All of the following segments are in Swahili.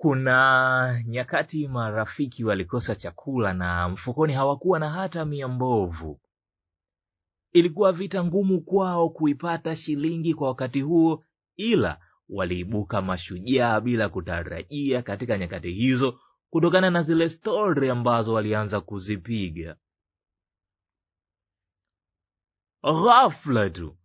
Kuna nyakati marafiki walikosa chakula na mfukoni hawakuwa na hata mia mbovu. Ilikuwa vita ngumu kwao kuipata shilingi kwa wakati huo, ila waliibuka mashujaa bila kutarajia katika nyakati hizo, kutokana na zile stori ambazo walianza kuzipiga. Ghafla tu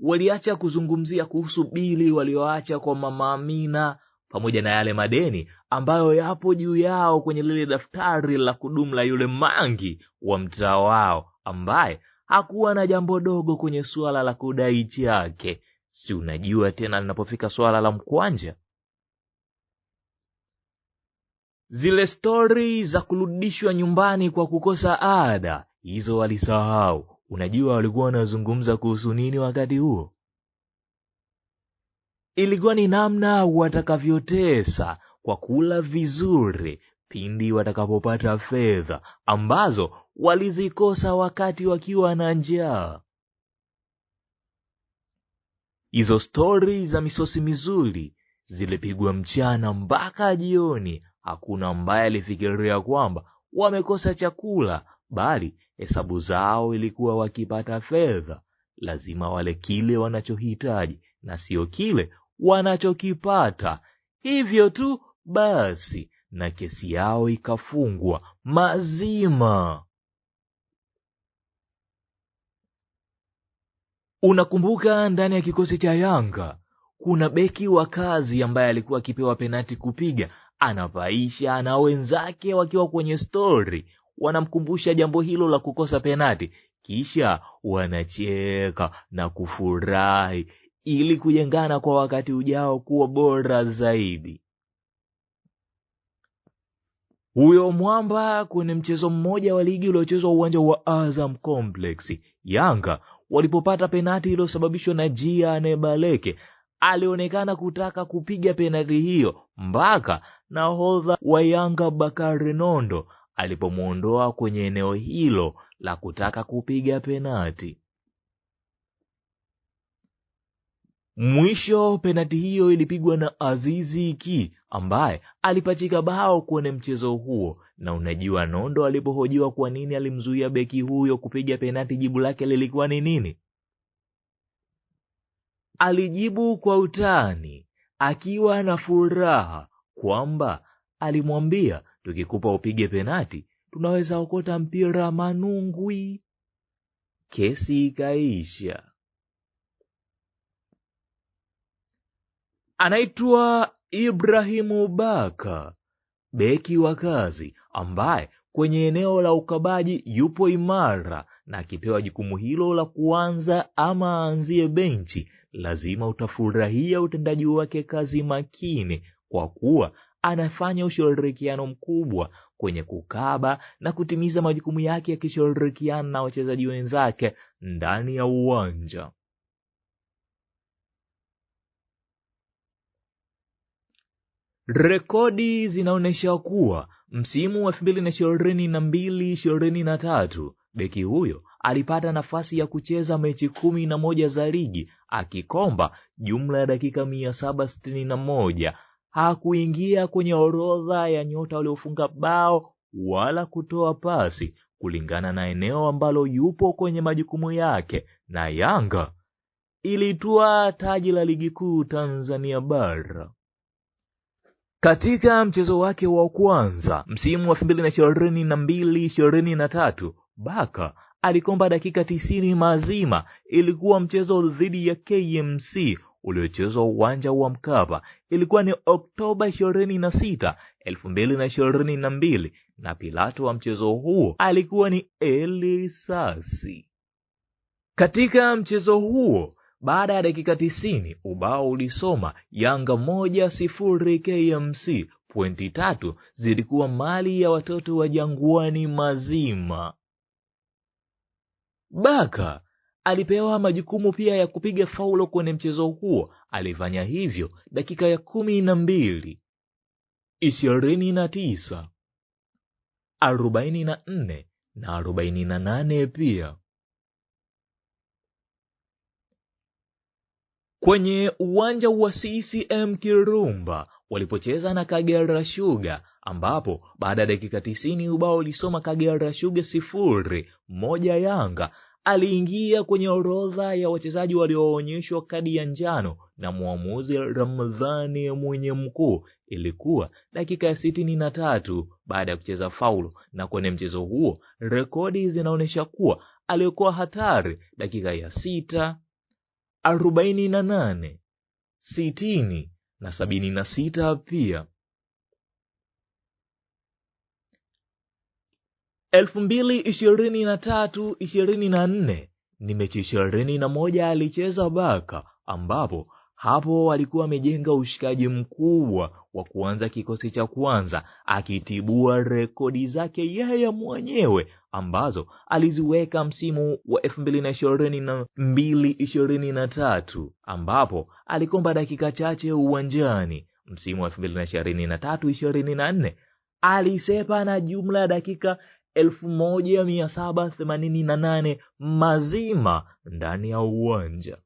waliacha kuzungumzia kuhusu bili walioacha kwa mama Amina pamoja na yale madeni ambayo yapo juu yao kwenye lile daftari la kudumu la yule mangi wa mtaa wao ambaye hakuwa na jambo dogo kwenye suala la kudai chake. Si unajua tena, linapofika suala la mkwanja, zile stori za kurudishwa nyumbani kwa kukosa ada, hizo walisahau. Unajua walikuwa wanazungumza kuhusu nini wakati huo? ilikuwa ni namna watakavyotesa kwa kula vizuri pindi watakapopata fedha ambazo walizikosa wakati wakiwa na njaa. Hizo stori za misosi mizuri zilipigwa mchana mpaka jioni. Hakuna ambaye alifikiria kwamba wamekosa chakula, bali hesabu zao ilikuwa wakipata fedha lazima wale kile wanachohitaji na sio kile wanachokipata. Hivyo tu basi, na kesi yao ikafungwa mazima. Unakumbuka ndani ya kikosi cha Yanga kuna beki wa kazi ambaye alikuwa akipewa penati kupiga, anapaisha na wenzake wakiwa kwenye stori, wanamkumbusha jambo hilo la kukosa penati, kisha wanacheka na kufurahi ili kujengana kwa wakati ujao kuwa bora zaidi. Huyo mwamba kwenye mchezo mmoja wa ligi uliochezwa uwanja wa Azam Complex, Yanga walipopata penati iliyosababishwa na Jia Nebaleke, alionekana kutaka kupiga penati hiyo mpaka nahodha wa Yanga Bakari Nondo alipomwondoa kwenye eneo hilo la kutaka kupiga penati. Mwisho penati hiyo ilipigwa na Azizi Ki ambaye alipachika bao kwenye mchezo huo, na unajua Nondo alipohojiwa kwa nini alimzuia beki huyo kupiga penati, jibu lake lilikuwa ni nini? Alijibu kwa utani akiwa na furaha kwamba alimwambia, tukikupa upige penati tunaweza okota mpira manungwi. Kesi ikaisha. Anaitwa Ibrahimu Baka, beki wa kazi ambaye kwenye eneo la ukabaji yupo imara, na akipewa jukumu hilo la kuanza ama aanzie benchi, lazima utafurahia utendaji wake kazi makini, kwa kuwa anafanya ushirikiano mkubwa kwenye kukaba na kutimiza majukumu yake, akishirikiana na wachezaji wenzake ndani ya uwanja. Rekodi zinaonyesha kuwa msimu wa 2022-2023 beki huyo alipata nafasi ya kucheza mechi kumi na moja za ligi akikomba jumla ya dakika 761. Hakuingia kwenye orodha ya nyota waliofunga bao wala kutoa pasi kulingana na eneo ambalo yupo kwenye majukumu yake, na Yanga ilitua taji la ligi kuu Tanzania bara. Katika mchezo wake wa kwanza msimu wa 2022-2023 Baka alikomba dakika tisini mazima. Ilikuwa mchezo dhidi ya KMC uliochezwa uwanja wa Mkapa. Ilikuwa ni Oktoba 26, 2022 na pilato wa mchezo huo alikuwa ni Elisasi. Katika mchezo huo baada ya dakika tisini ubao ulisoma Yanga moja sifuri KMC. Pointi tatu zilikuwa mali ya watoto wa Jangwani Mazima. Baka alipewa majukumu pia ya kupiga faulo kwenye mchezo huo. Alifanya hivyo dakika ya kumi na mbili, ishirini na tisa, arobaini na nne na arobaini na nane pia. kwenye uwanja wa CCM Kirumba walipocheza na Kagera Sugar ambapo baada ya dakika tisini ubao ulisoma Kagera Sugar sifuri moja Yanga. Aliingia kwenye orodha ya wachezaji walioonyeshwa kadi ya njano na mwamuzi Ramadhani mwenye mkuu. Ilikuwa dakika ya sitini na tatu baada ya kucheza faulu, na kwenye mchezo huo rekodi zinaonyesha kuwa aliyekuwa hatari dakika ya sita arobaini na nane, sitini na sabini na sita pia. elfu mbili ishirini na tatu ishirini na nne ni mechi ishirini na moja alicheza Baka ambapo hapo walikuwa wamejenga ushikaji mkubwa wa kuanza kikosi cha kwanza, akitibua rekodi zake yeye mwenyewe ambazo aliziweka msimu wa 2022 ambapo alikomba dakika chache uwanjani. Msimu wa 2023 alisepa na jumla ya dakika 1788 mazima ndani ya uwanja.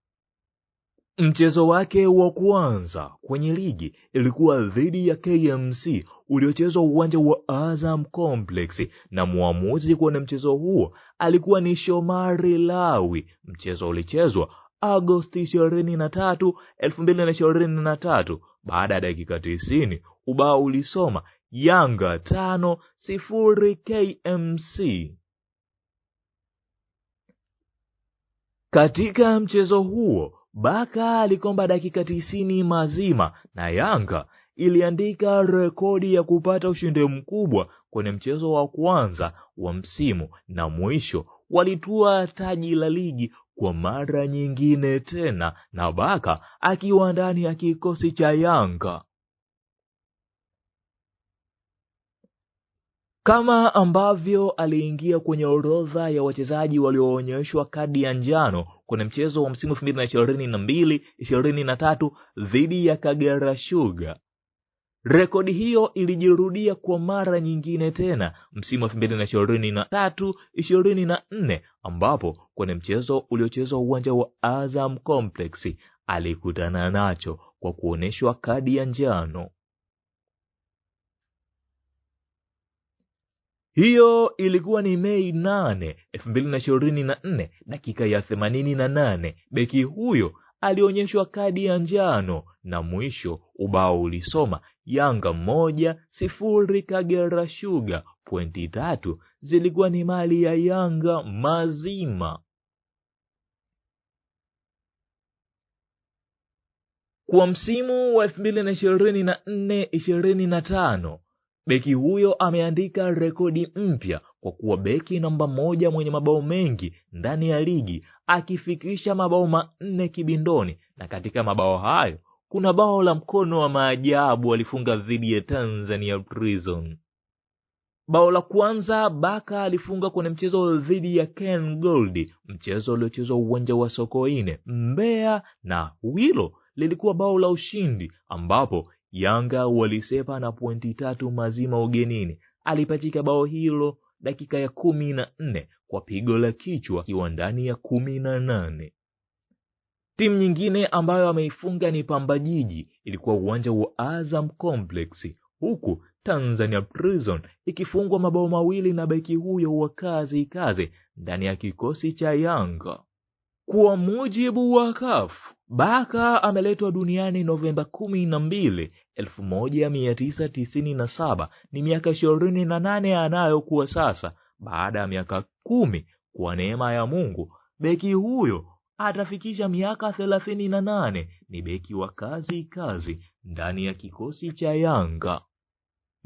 Mchezo wake wa kwanza kwenye ligi ilikuwa dhidi ya KMC uliochezwa uwanja wa Azam Complex, na mwamuzi kwenye mchezo huo alikuwa ni Shomari Lawi. Mchezo ulichezwa Agosti 23, 2023. Baada ya dakika 90 ubao ulisoma Yanga tano sifuri KMC. Katika mchezo huo Baka alikomba dakika tisini mazima na Yanga iliandika rekodi ya kupata ushindi mkubwa kwenye mchezo wa kwanza wa msimu na mwisho walitua taji la ligi kwa mara nyingine tena na Baka akiwa ndani ya kikosi cha Yanga. Kama ambavyo aliingia kwenye orodha ya wachezaji walioonyeshwa kadi ya njano kwenye mchezo wa msimu 2022-2023 dhidi ya Kagera Sugar. Rekodi hiyo ilijirudia kwa mara nyingine tena msimu wa 2023-2024 ambapo kwenye mchezo uliochezwa uwanja wa Azam Complex alikutana nacho kwa kuonyeshwa kadi ya njano. Hiyo ilikuwa ni Mei 8, dakika ya 88. Beki huyo alionyeshwa kadi ya njano na mwisho ubao ulisoma Yanga moja sifuri Kagera Sugar. Pointi tatu zilikuwa ni mali ya Yanga mazima. Kwa msimu wa 2024 25 Beki huyo ameandika rekodi mpya kwa kuwa beki namba moja mwenye mabao mengi ndani ya ligi akifikisha mabao manne kibindoni, na katika mabao hayo kuna bao la mkono wa maajabu alifunga dhidi ya Tanzania Prison. Bao la kwanza Baka alifunga kwenye mchezo dhidi ya Ken Gold, mchezo uliochezwa uwanja wa Sokoine Mbeya, na wilo lilikuwa bao la ushindi ambapo Yanga walisepa na pointi tatu mazima ugenini. Alipachika bao hilo dakika ya kumi na nne kwa pigo la kichwa akiwa ndani ya kumi na nane. Timu nyingine ambayo ameifunga ni Pamba Jiji, ilikuwa uwanja wa Azam Complex, huku Tanzania Prison ikifungwa mabao mawili na beki huyo wa kazi kazi ndani ya kikosi cha Yanga. Kwa mujibu wa Kafu, Baka ameletwa duniani Novemba kumi na mbili elfu moja mia tisa tisini na saba ni miaka ishirini na nane anayokuwa sasa. Baada ya miaka kumi kwa neema ya Mungu, beki huyo atafikisha miaka thelathini na nane. Ni beki wa kazi kazi ndani ya kikosi cha Yanga.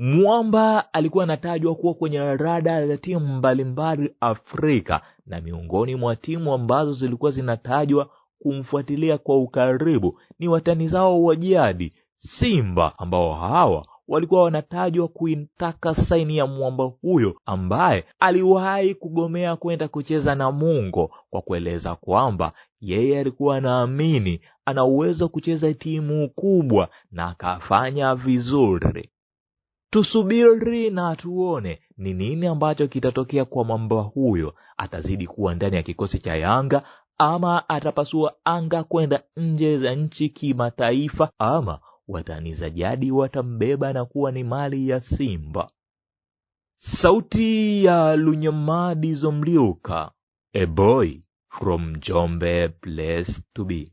Mwamba alikuwa anatajwa kuwa kwenye rada za timu mbalimbali Afrika na miongoni mwa timu ambazo zilikuwa zinatajwa kumfuatilia kwa ukaribu ni watani zao wa jadi Simba, ambao hawa walikuwa wanatajwa kuitaka saini ya mwamba huyo ambaye aliwahi kugomea kwenda kucheza na Mungo kwa kueleza kwamba yeye alikuwa anaamini ana uwezo kucheza timu kubwa na akafanya vizuri. Tusubiri na tuone ni nini ambacho kitatokea kwa mwamba huyo. Atazidi kuwa ndani ya kikosi cha Yanga ama atapasua anga kwenda nje za nchi kimataifa, ama watani za jadi watambeba na kuwa ni mali ya Simba. Sauti ya Lunyamadi Zomliuka, a boy from Jombe, place to be.